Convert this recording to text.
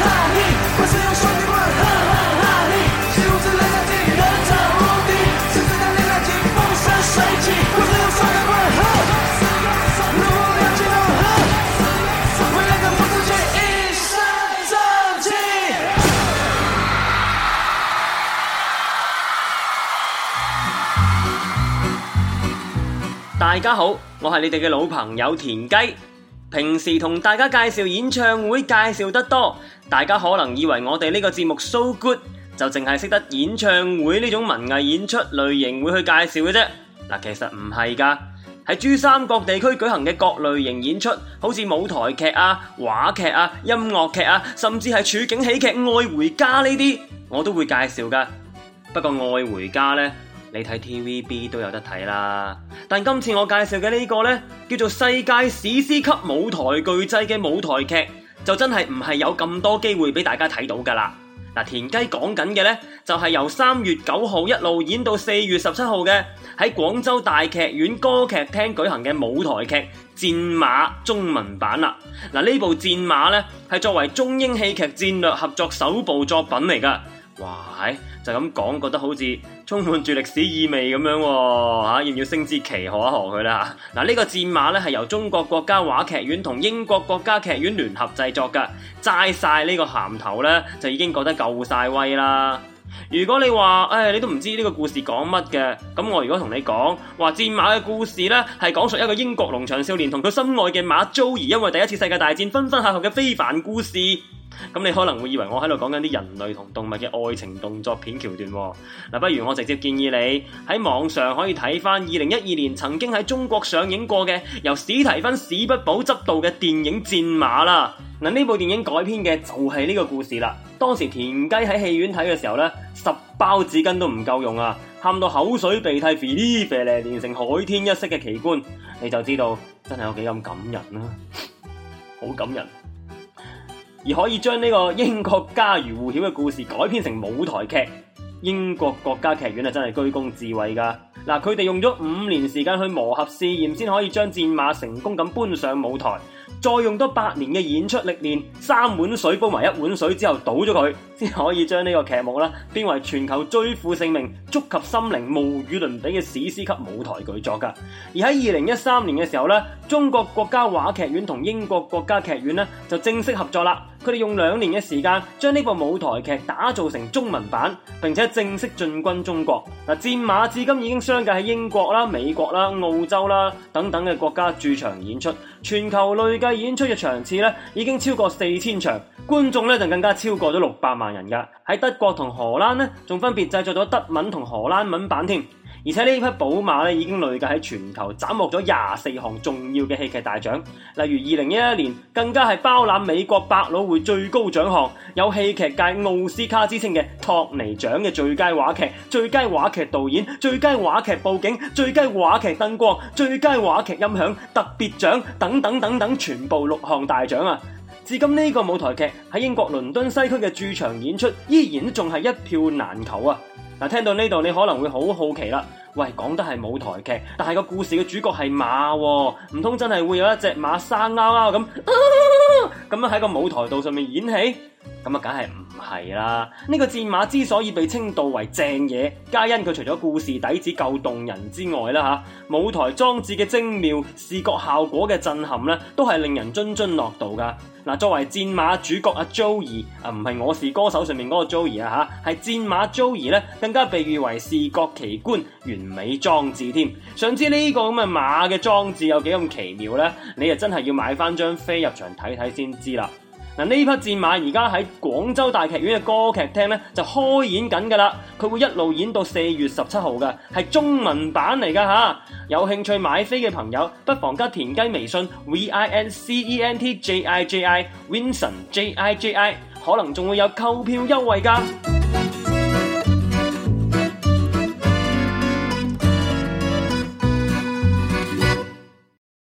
大家好，我係你哋嘅老朋友田雞。平時同大家介紹演唱會介紹得多，大家可能以為我哋呢個節目 so good 就淨係識得演唱會呢種文藝演出類型會去介紹嘅啫。嗱，其實唔係噶，喺珠三角地區舉行嘅各類型演出，好似舞台劇啊、話劇啊、音樂劇啊，甚至係處境喜劇《愛回家》呢啲，我都會介紹噶。不過《愛回家》呢，你睇 TVB 都有得睇啦。但今次我介紹嘅呢個呢，叫做世界史詩級舞台巨製嘅舞台劇，就真係唔係有咁多機會俾大家睇到噶啦。嗱，田雞講緊嘅呢，就係由三月九號一路演到四月十七號嘅喺廣州大劇院歌劇廳舉行嘅舞台劇《戰馬》中文版啦。嗱，呢部《戰馬》呢，係作為中英戲劇戰略合作首部作品嚟噶。哇，就咁講，覺得好似充滿住歷史意味咁樣，哦，吓、啊、要唔要升支旗學一學佢啦？嗱、啊、呢、這個戰馬咧係由中國國家話劇院同英國國家劇院聯合製作噶，齋晒呢個銜頭咧就已經覺得夠晒威啦。如果你話誒、哎，你都唔知呢個故事講乜嘅，咁我如果同你講話戰馬嘅故事咧，係講述一個英國農場少年同佢心愛嘅馬茱兒，Joey, 因為第一次世界大戰分分合合嘅非凡故事。咁你可能會以為我喺度講緊啲人類同動物嘅愛情動作片橋段。嗱、啊，不如我直接建議你喺網上可以睇返二零一二年曾經喺中國上映過嘅由史提芬史匹堡執導嘅電影《戰馬》啦嗱，呢部電影改編嘅就係呢個故事啦。當時田雞喺戲院睇嘅時候呢，十包紙巾都唔夠用啊，喊到口水鼻涕飛咧，連成海天一色嘅奇觀，你就知道真係有幾咁感人啦、啊， 好感人。而可以將呢個英國家喻戶曉嘅故事改編成舞台劇，英國國家劇院啊真係居功至偉噶。嗱，佢哋用咗五年時間去磨合試驗，先可以將戰馬成功咁搬上舞台，再用多八年嘅演出歷練，三碗水煲埋一碗水之後倒咗佢，先可以將呢個劇目啦變為全球最負盛名、觸及心靈、無與倫比嘅史詩級舞台巨作噶。而喺二零一三年嘅時候咧，中國國家話劇院同英國國家劇院咧就正式合作啦。佢哋用兩年嘅時間將呢部舞台劇打造成中文版，並且正式進軍中國。嗱，戰馬至今已經相繼喺英國啦、美國啦、澳洲啦等等嘅國家駐場演出，全球累計演出嘅場次咧已經超過四千場，觀眾就更加超過咗六百萬人㗎。喺德國同荷蘭咧，仲分別製作咗德文同荷蘭文版添。而且呢匹寶馬咧，已經累計喺全球斬獲咗廿四項重要嘅戲劇大獎，例如二零一一年更加係包攬美國百老匯最高獎項，有戲劇界奧斯卡之稱嘅托尼獎嘅最佳話劇、最佳話劇導演、最佳話劇布景、最佳話劇燈光、最佳話劇音響、特別獎等等等等，全部六項大獎啊！至今呢個舞台劇喺英國倫敦西區嘅駐場演出，依然仲係一票難求啊！嗱，聽到呢度，你可能會好好奇啦。喂，講得係舞台劇，但係個故事嘅主角係馬，唔通真係會有一隻馬生勾勾咁，咁樣喺、啊、個舞台度上面演戲？咁啊，梗係唔係啦！呢、這個戰馬之所以被稱道為正嘢，皆因佢除咗故事底子夠動人之外啦，吓、啊、舞台裝置嘅精妙、視覺效果嘅震撼呢、啊，都係令人津津樂道噶。嗱、啊，作為戰馬主角阿、啊、Joey，唔、啊、係我是歌手上面嗰個 Joey 啊吓，係戰馬 Joey 呢，更加被譽為視覺奇觀、完美裝置添。想知呢個咁嘅馬嘅裝置有幾咁奇妙呢？你啊真係要買翻張飛入場睇睇先知啦。嗱，呢匹戰馬而家喺廣州大劇院嘅歌劇廳咧就開演緊㗎啦，佢會一路演到四月十七號㗎，係中文版嚟㗎嚇。有興趣買飛嘅朋友，不妨加田雞微信 v i n c e n t j i j i winson j i j i，可能仲會有購票優惠㗎。